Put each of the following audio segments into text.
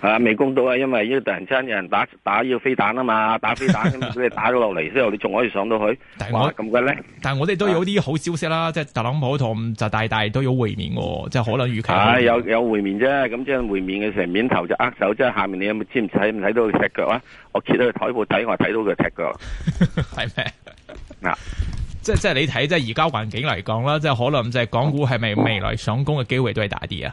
係啊，未攻到啊，因為呢突然間有人打打要飛彈啊嘛，打飛彈咁佢哋打咗落嚟之後，你仲可以上到去？哇，咁嘅咧？但係我哋都有啲好消息啦，啊、即係特朗普同就大大都有會面喎，即係可能預期、啊。係有有會面啫，咁即係會面嘅成面頭就握手即啫。下面你有冇知唔睇唔睇到佢踢腳啊？我揭咗佢台布底，我睇到佢踢腳。係咩 嗎？嗱、啊。即即係你睇，即係而家環境嚟講啦，即係可能就係港股係咪未來上攻嘅機會都係大啲啊？誒、哦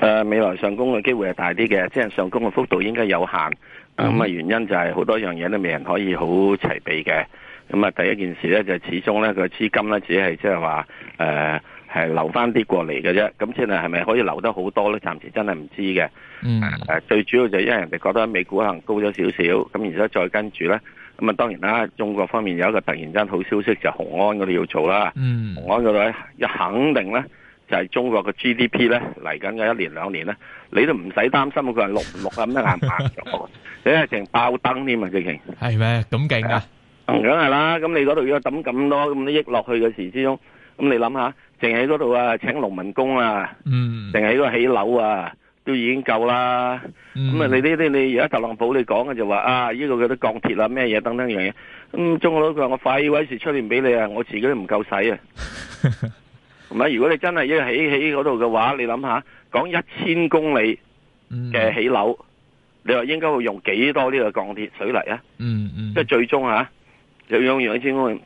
呃，未來上攻嘅機會係大啲嘅，即係上攻嘅幅度應該有限。咁啊、嗯呃，原因就係好多樣嘢都未人可以好齊備嘅。咁、呃、啊，第一件事咧就係、是、始終咧個資金咧只係即係話誒。呃係留翻啲過嚟嘅啫，咁先係係咪可以留得好多咧？暫時真係唔知嘅。嗯。誒，最主要就係因為人哋覺得美股行高咗少少，咁而家再跟住咧，咁啊當然啦，中國方面有一個突然間好消息就雄安嗰度要做啦。嗯。雄安嗰度咧，一肯定咧，就係、是、中國嘅 GDP 咧嚟緊嘅一年兩年咧，你都唔使擔心佢係綠唔綠咁 樣硬拍咗，你係成爆燈添啊！最情係咩？咁勁啊！梗係啦，咁你嗰度如果抌咁多咁多億落去嘅時之中，咁你諗下？淨係喺嗰度啊，請農民工啊，淨係喺個起樓啊，都已經夠啦。咁啊，你呢啲你而家特朗普你講嘅就話啊，呢度嘅啲鋼鐵啦，咩嘢等等樣嘢。咁中國佬佢話我費鬼事出面俾你啊，我自己都唔夠使啊。唔係，如果你真係要起起嗰度嘅話，你諗下，講一千公里嘅起樓，你話應該會用幾多呢個鋼鐵水泥啊？嗯嗯嗯，即係最終吓，就用完一千公里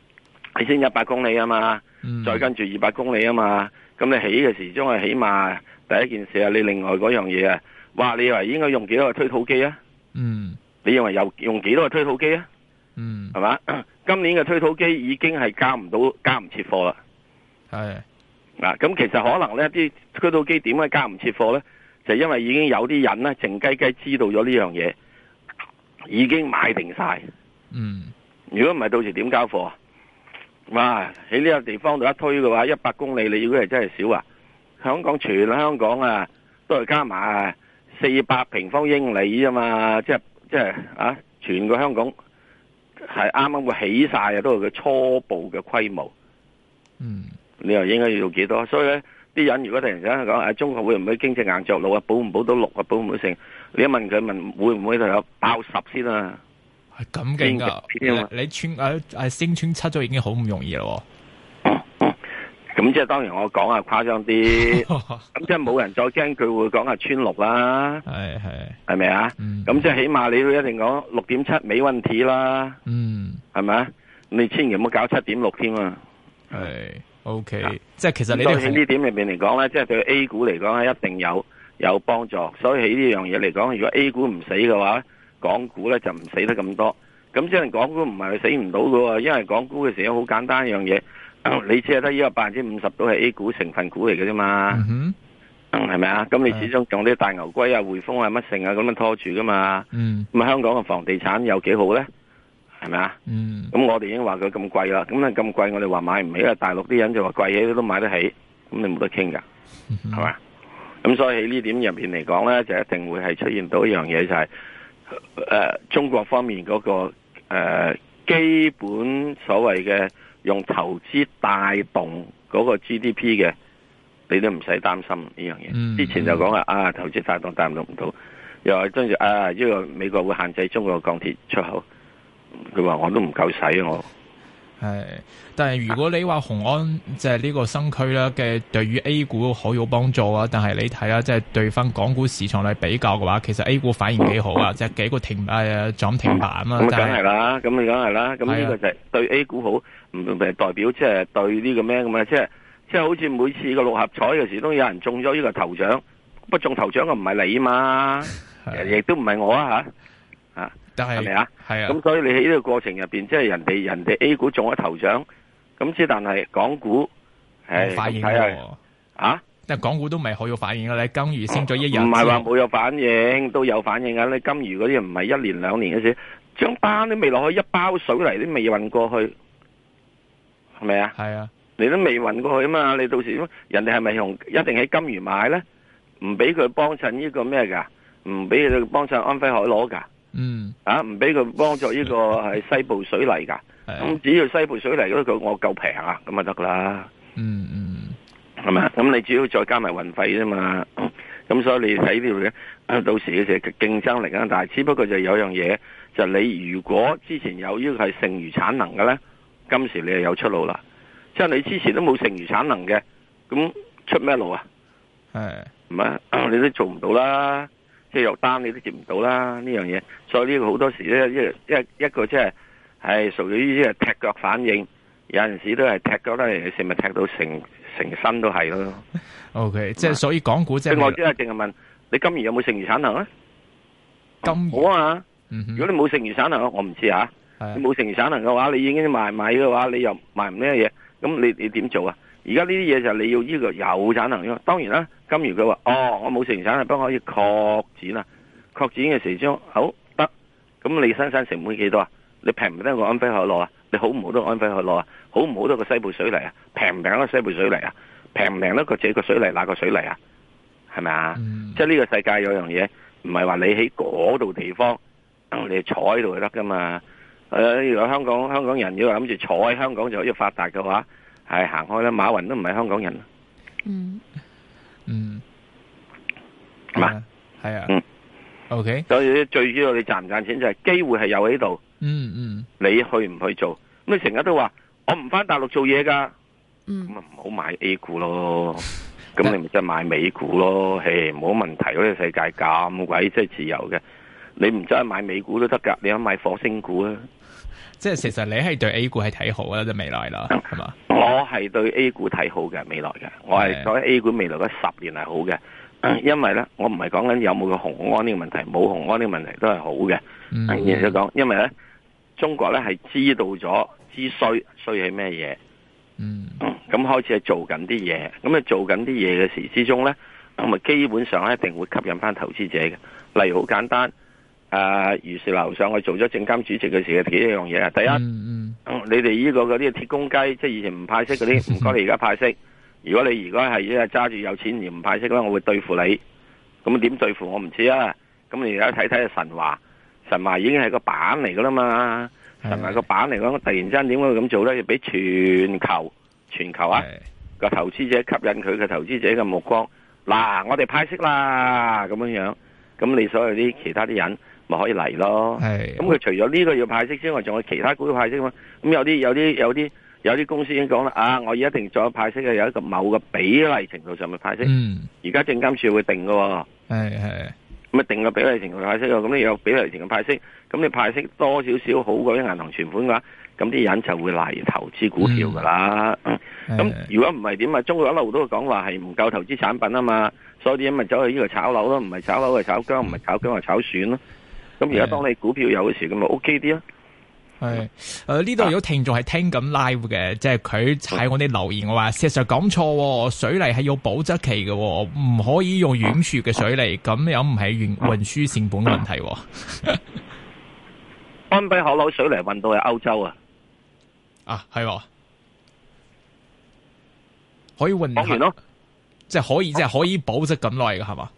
係先一百公里啊嘛。再跟住二百公里啊嘛，咁你起嘅時候係起碼第一件事啊。你另外嗰樣嘢啊，話你認為應該用幾多個推土機啊？嗯，你認為有用幾多個推土機啊？嗯，係嘛？ 今年嘅推土機已經係交唔到，交唔切貨啦。係是啊，咁其實可能呢啲推土機點解交唔切貨呢？就是，因為已經有啲人呢靜雞雞知道咗呢樣嘢，已經買定晒。嗯，如果唔係，到時點交貨？哇！喺呢個地方度一推嘅話，一百公里，你如果係真係少啊！香港全香港啊，都係加埋四百平方英里啫嘛，即係即係啊！全個香港係啱啱會起晒，都係佢初步嘅規模。嗯，你又應該要幾多？所以咧，啲人如果突然之間講誒，中國會唔會經濟硬着陸啊？保唔保到六啊？保唔保成？你一問佢問，會唔會就有爆十先啊？咁勁噶，你穿誒升穿七咗已經好唔容易咯。喎、哦。咁、嗯嗯嗯、即係當然我講下，誇張啲，咁即係冇人再驚佢會講下穿六啦。係係係咪啊？咁吧、嗯、即係起碼你都一定講六點七冇問題啦。嗯，係咪啊？你千祈唔好搞七點六添啊。係、嗯、，OK。即係其實你喺呢點入邊嚟講咧，即、就、係、是、對 A 股嚟講係一定有有幫助。所以喺呢樣嘢嚟講，如果 A 股唔死嘅話，港股咧就唔死得咁多，咁即係港股唔係佢死唔到嘅喎，因為港股嘅成因好簡單一樣嘢，嗯啊，你只啊，得依個百分之五十都係 A 股成分股嚟嘅啫嘛，係咪啊？咁你始終用啲大牛龜啊、匯豐啊、乜剩啊咁樣拖住噶嘛，咁、嗯、香港嘅房地產有幾好咧？係咪啊？咁、嗯、我哋已經話佢咁貴啦，咁啊咁貴我哋話買唔起，因大陸啲人就話貴嘢都買得起，咁你冇得傾噶，係嘛、嗯哼？咁所以喺呢點入面嚟講咧，就一定會係出現到一樣嘢就係、是。誒、呃，中國方面嗰、那個誒、呃，基本所謂嘅用投資帶動嗰個 GDP 嘅，你都唔使擔心呢樣嘢。之前就講啊，啊投資帶動帶動唔到，又係跟住啊，呢個美國會限制中國鋼鐵出口，佢話我都唔夠使我。係，但係如果你話雄安即係呢個新區咧嘅，對於 A 股好有幫助啊！但係你睇下，即、就、係、是、對翻港股市場嚟比較嘅話，其實 A 股反應幾好啊！即係、嗯、幾個停誒漲、啊、停板啊！咁梗係啦，咁你梗係啦，咁呢個就係對 A 股好，唔、啊、代表即係、就是、對呢個咩咁啊？即係即係好似每次個六合彩嘅時候都有人中咗呢個頭獎，不中頭獎嘅唔係你嘛，亦都唔係我啊吓啊！係咪啊？係啊，咁所以你喺呢個過程入邊，即係人哋人哋 A 股中咗頭獎，咁之但係港股係冇反應嘅、哎、啊？但係港股都未好有反應嘅咧。你金魚升咗一日，唔係話冇有反應，都有反應嘅。你金魚嗰啲唔係一年兩年嘅事，張單都未落去，一包水泥都未運過去，係咪啊？係啊，你都未運過去啊嘛？你到時人哋係咪用一定喺金魚買咧？唔俾佢幫襯呢個咩噶？唔俾佢幫襯安徽海螺噶？嗯，啊，唔俾佢幫助呢個係西部水泥噶，咁 只要西部水泥嗰度我夠平啊，咁就得啦，嗯。嗯嗯，係嘛，咁你只要再加埋運費啫嘛，咁所以你睇到咧，到時嘅時競爭力，啊，但係只不過就有樣樣嘢，就是，你如果之前有呢個係剩餘產能嘅咧，今時你又有出路啦。即，就，係，是，你之前都冇剩餘產能嘅，咁出咩路啊？係是，唔係，啊，你都做唔到啦。即係有單你都接唔到啦，呢樣嘢，所以呢個好多時咧一一一,一個即係係屬於呢啲係踢腳反應，有陣時都係踢腳嚟，你成咪踢到成成身都係咯。OK，即係所以港股即係另外我，即係淨係問你今年有冇剩餘產能咁魚、啊、好啊，嗯、哼如果你冇剩餘產能，我唔知啊。啊你冇剩餘產能嘅話，你已經賣賣嘅話，你又賣唔咩嘢？咁你你點做啊？而家呢啲嘢就係你要呢個有產能咯。當然啦，咁如果話：哦，我冇成產啊，不過可以擴展啊，擴展嘅時候好得。咁、哦、你生產成本幾多啊？你平唔平得個安徽海螺啊？你好唔好得個安徽海螺啊？好唔好得個西部水泥啊？平唔平得個西部水泥啊？平唔平呢個這個水泥？那個水泥啊？係咪啊？嗯、即係呢個世界有樣嘢，唔係話你喺嗰度地方，你就坐喺度就得噶嘛、哎？如果香港香港人要諗住坐喺香港就要發達嘅話，係行開啦，馬雲都唔係香港人嗯。嗯吧、啊啊、嗯，係嘛，係啊，嗯，O K。所以最主要你賺唔賺錢就係機會係有喺度、嗯。嗯嗯，你去唔去做？咁你成日都話我唔翻大陸做嘢噶。嗯，咁啊唔好買 A 股咯，咁 你咪真係買美股咯，冇 問題，嗰、呢個世界咁鬼即係自由嘅。你唔再買美股都得噶，你可買火星股啊！即係其實你係對 A 股係睇好啊，即係未來啦，係嘛？我係對 A 股睇好嘅未來嘅，我係講 A 股未來嗰十年係好嘅，的因為咧我唔係講緊有冇個紅安呢個問題，冇、嗯、紅安呢個問題都係好嘅。誒、嗯，你講，因為咧中國咧係知道咗之需，需起咩嘢？嗯，咁、嗯、開始係做緊啲嘢，咁啊做緊啲嘢嘅時之中咧，咁咪基本上咧一定會吸引翻投資者嘅。例如好簡單。誒、呃，如是樓上，去做咗證監主席嘅時嘅幾樣嘢啊！第一，嗯嗯、你哋呢個嗰啲鐵公雞，即係以前唔派息嗰啲，唔該你而家派息。如果你如果係因為揸住有錢而唔派息咧，我會對付你。咁點對付我唔知啊！咁你而家睇睇神華，神華已經係個板嚟噶啦嘛，的神華個板嚟講，突然之間點會咁做咧？要俾全球全球啊個的投資者吸引佢嘅投資者嘅目光。嗱，我哋派息啦，咁樣樣，咁你所有啲其他啲人，咪可以嚟咯，咁佢的除咗呢個要派息之外，仲有其他股票派息嘛？咁有啲有啲有啲有啲公司已經講啦，啊，我而家一定再派息嘅，有一個某個比例程度上嘅派息。嗯，而家證監處會定㗎係係，咁啊的定個比例程度派息，咁你有比例程度派息。咁你派息多少少好過啲銀行存款嘅話，咁啲人就會嚟投資股票噶啦。咁如果唔係點啊？中國一路都會講話係唔夠投資產品啊嘛，所以啲嘢咪走去呢度炒樓咯，唔係炒樓係炒薑，唔係炒薑係炒蒜咯。咁而家當你股票有時咁咪 OK 啲啊？係誒，呢度有聽眾係聽緊 live 嘅，即係佢踩我啲留言，我話事實上講錯，水泥係要保質期嘅，哦，唔可以用遠處嘅水泥，咁，啊、又唔係運運輸成本嘅問題，哦。安閉可樓水泥運到去歐洲啊？啊係，可以運完咯，即係可以，啊、即係可以保質咁耐嘅係嘛？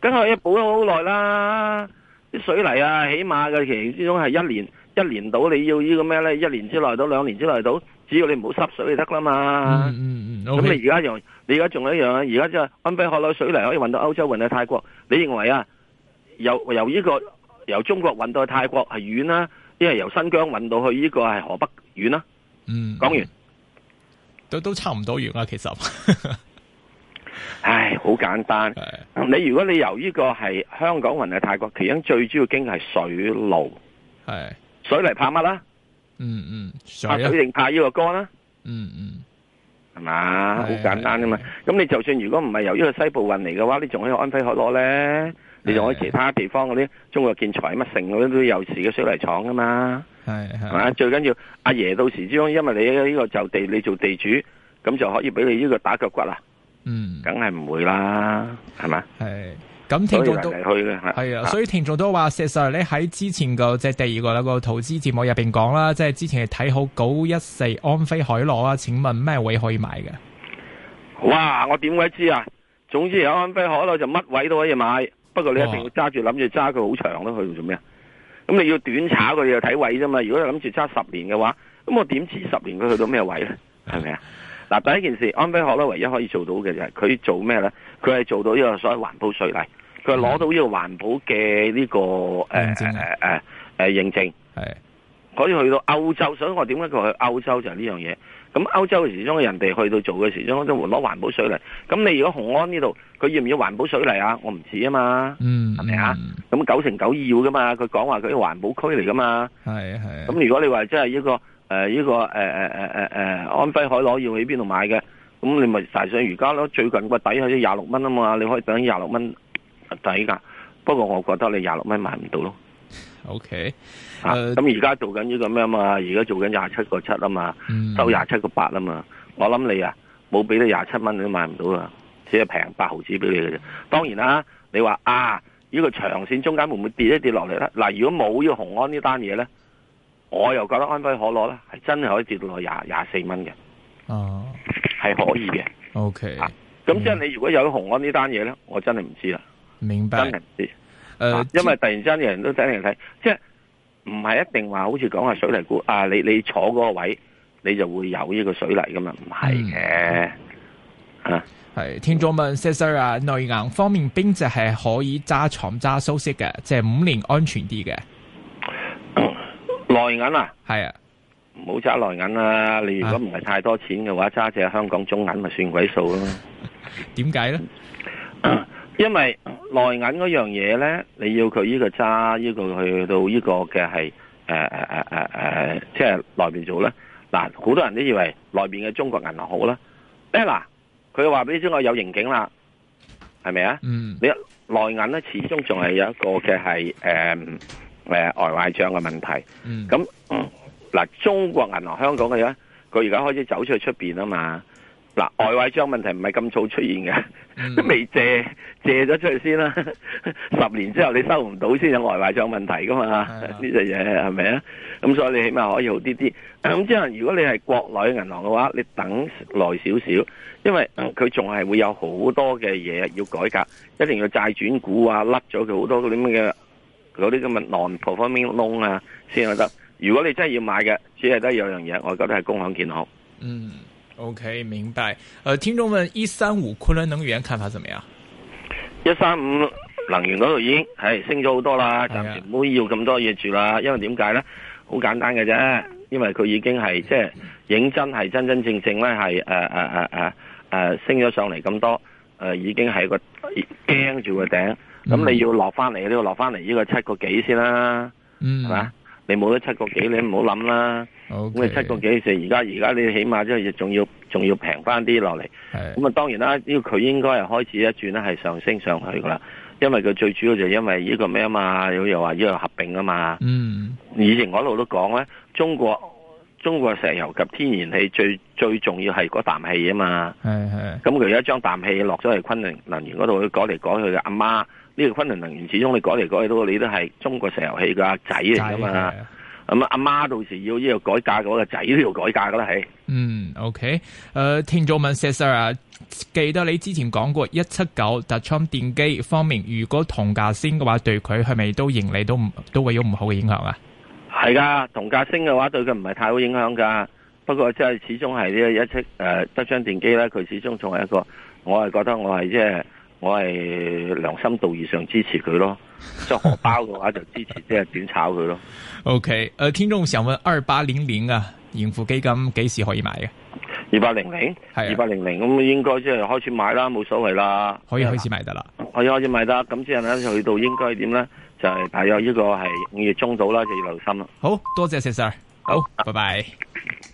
跟住可以保咗好耐啦。啲水泥啊，起碼嘅其實之中係一年一年到，你要呢個咩呢個咩咧？一年之內到兩年之內到，只要你唔好濕水，就得啦嘛。嗯嗯咁你而家又，你而家仲有一樣啊？而家即係安徽嘅水泥可以運到歐洲，運到泰國。你認為啊，由由、呢個由中國運到泰國係遠啦、啊，因為由新疆運到去呢個係河北遠啦、啊。嗯，講完都都差唔多遠啦，其實。 唉，好簡單。是你如果你由呢個係香港運嚟泰國，其中最主要經係水路，係是水泥怕乜啦？嗯嗯，水定、啊、怕呢個乾啦、啊嗯？嗯嗯，係吧是嘛，好簡單噶嘛。咁你就算如果唔係由呢個西部運嚟嘅話，你仲可以安徽可攞咧？是你仲可以其他地方嗰啲中國建材乜成嗰都有時嘅水泥廠噶嘛？係係嘛，吧最緊要阿爺到時之中，因為你呢個就地你做地主，咁就可以俾你呢個打腳骨啦。嗯，梗係唔會啦，係咪，嗯？係嗎，咁聽眾都係去嘅，係啊的，的所以聽眾都話，事實上你喺之前嘅即係第二個嗰個投資節目入邊講啦，即、就、係、是、之前係睇好九一四安徽海螺啊，請問咩位可以買嘅？哇！我點會知啊？總之有安徽海螺就乜位都可以買，不過你一定要揸住諗住揸佢好長咯，去到做咩？咁你要短炒佢又睇位啫嘛？如果你諗住揸十年嘅話，咁我點知十年佢去到咩位咧？係咪啊？嗱，第一件事，安徽學咧唯一可以做到嘅就係佢做咩咧？佢係做到呢個所謂環保水泥，佢攞到呢個環保嘅呢、呢個誒誒誒誒認證，係可以去到歐洲。所以我點解佢去歐洲就係呢樣嘢？咁歐洲嘅時鐘人哋去到做嘅時鐘都攞環保水泥。咁你如果雄安呢度，佢要唔要環保水泥啊？我唔知啊嘛，係咪、嗯、啊？咁九成九二要噶嘛，佢講話佢環保區嚟噶嘛，係係，咁如果你話真係一個。誒，呢、呃，這個誒誒誒誒誒，安徽海螺要喺邊度買嘅？咁你咪大水如家咯？最近個底係廿六蚊啊嘛，你可以等喺廿六蚊底㗎。不過我覺得你廿六蚊買唔到咯。O K，咁而家做緊呢個咩啊嘛？而家做緊廿七個七啊嘛，收廿七個八啊嘛。嗯、我諗你啊，冇俾你廿七蚊你都買唔到啊，只係平八毫子俾你嘅啫。當然啦、啊，你話啊，呢、這個長線中間會唔會跌一跌落嚟啦嗱，如果冇呢個紅安呢單嘢咧？我又覺得安徽可樂咧，係真係可以跌到落廿廿四蚊嘅，哦、啊，係可以嘅。OK，咁即係你如果有雄安這件事呢單嘢咧，我真係唔知啦。明白，真係唔知，誒、呃，啊、因為突然間有人都睇嚟睇，呃、即係唔係一定話好似講係水泥股啊，你你坐嗰個位置，你就會有呢個水泥噶嘛，唔係嘅，嗯、啊，係天宗問 Sir 啊，內銀方面，經濟係可以揸長揸收息嘅，即、就、係、是、五年安全啲嘅。內銀啊，係啊，唔好揸內銀啦。你如果唔係太多錢嘅話，揸隻香港中銀咪算鬼數咯。點解咧？因為內銀嗰樣嘢咧，你要佢呢個揸，呢個去到呢個嘅係誒誒誒誒誒，即係內邊做咧。嗱、啊，好多人都以為內邊嘅中國銀行好啦。誒嗱、嗯，佢話俾你知我有刑警啦，係咪啊？嗯。你內銀咧始終仲係有一個嘅係誒。誒、呃，外壞賬嘅問題，咁嗱、嗯嗯，中國銀行香港嘅咧，佢而家開始走出去出邊啊嘛，嗱，外壞賬問題唔係咁早出現嘅，都未、嗯、借借咗出去先啦、啊，十年之後你收唔到先有外壞賬問題噶嘛，呢隻嘢係咪啊？咁所以你起碼可以好啲啲，咁之後如果你係國內嘅銀行嘅話，你等耐少少，因為佢仲係會有好多嘅嘢要改革，一定要債轉股啊，甩咗佢好多啲咁嘅。嗰啲咁嘅 non performing loan 啊先得，如果你真係要買嘅，只係得有一樣嘢，我覺得係工行建行。嗯，OK，明白。誒、呃，聽眾問一三五昆崙能源看法怎麼樣？一三五能源嗰度已經係升咗好多啦，暫時唔好要咁多嘢住啦，因為點解咧？好簡單嘅啫，因為佢已經係即係認真係真真正正咧係誒誒誒誒誒升咗上嚟咁多，誒、呃、已經係個驚住個頂。 咁、嗯、你要落翻嚟呢個落翻嚟呢個七個幾先啦，係嘛、嗯？你冇得七個幾，你唔好諗啦。咁 okay, 你七個幾時，就而家而家你起碼即係仲要仲要平翻啲落嚟。咁啊是當然啦，呢、這個佢應該係開始一轉咧，係上升上去噶啦。因為佢最主要就因為呢個咩啊嘛，又又話呢個合併啊嘛。嗯，以前我一路都講咧，中國中國石油及天然氣最最重要係嗰啖氣啊嘛。係係。咁佢而家將啖氣落咗嚟昆侖能源嗰度去改嚟改去嘅阿媽。呢個昆侖能源始終你改嚟改去都，你都係中國石油氣嘅仔嚟噶嘛？咁、嗯、啊，阿媽到時要呢度改價，個仔都要改價噶啦，係、嗯。嗯，OK，誒、uh,，聽眾問 Sir 啊，記得你之前講過一七九德昌電機方面，如果同價升嘅話，對佢係咪都盈利都都會有唔好嘅影響啊？係噶，同價升嘅話對佢唔係太好影響噶。不過即係始終係呢個一七誒、呃、德昌電機咧，佢始終仲係一個，我係覺得我係即係。我係良心道義上支持佢咯，作荷包嘅話就支持即係點炒佢咯。OK，誒，聽眾想問二八零零啊，盈富基金幾時可以買嘅？二八零零係二八零零，咁應該即係開始買啦，冇所謂啦，可以開始買得啦，可以開始買得，咁即係咧去到應該點咧，就係大約呢個係五月中度啦，就要留心啦。好多謝 Sir，好，拜拜。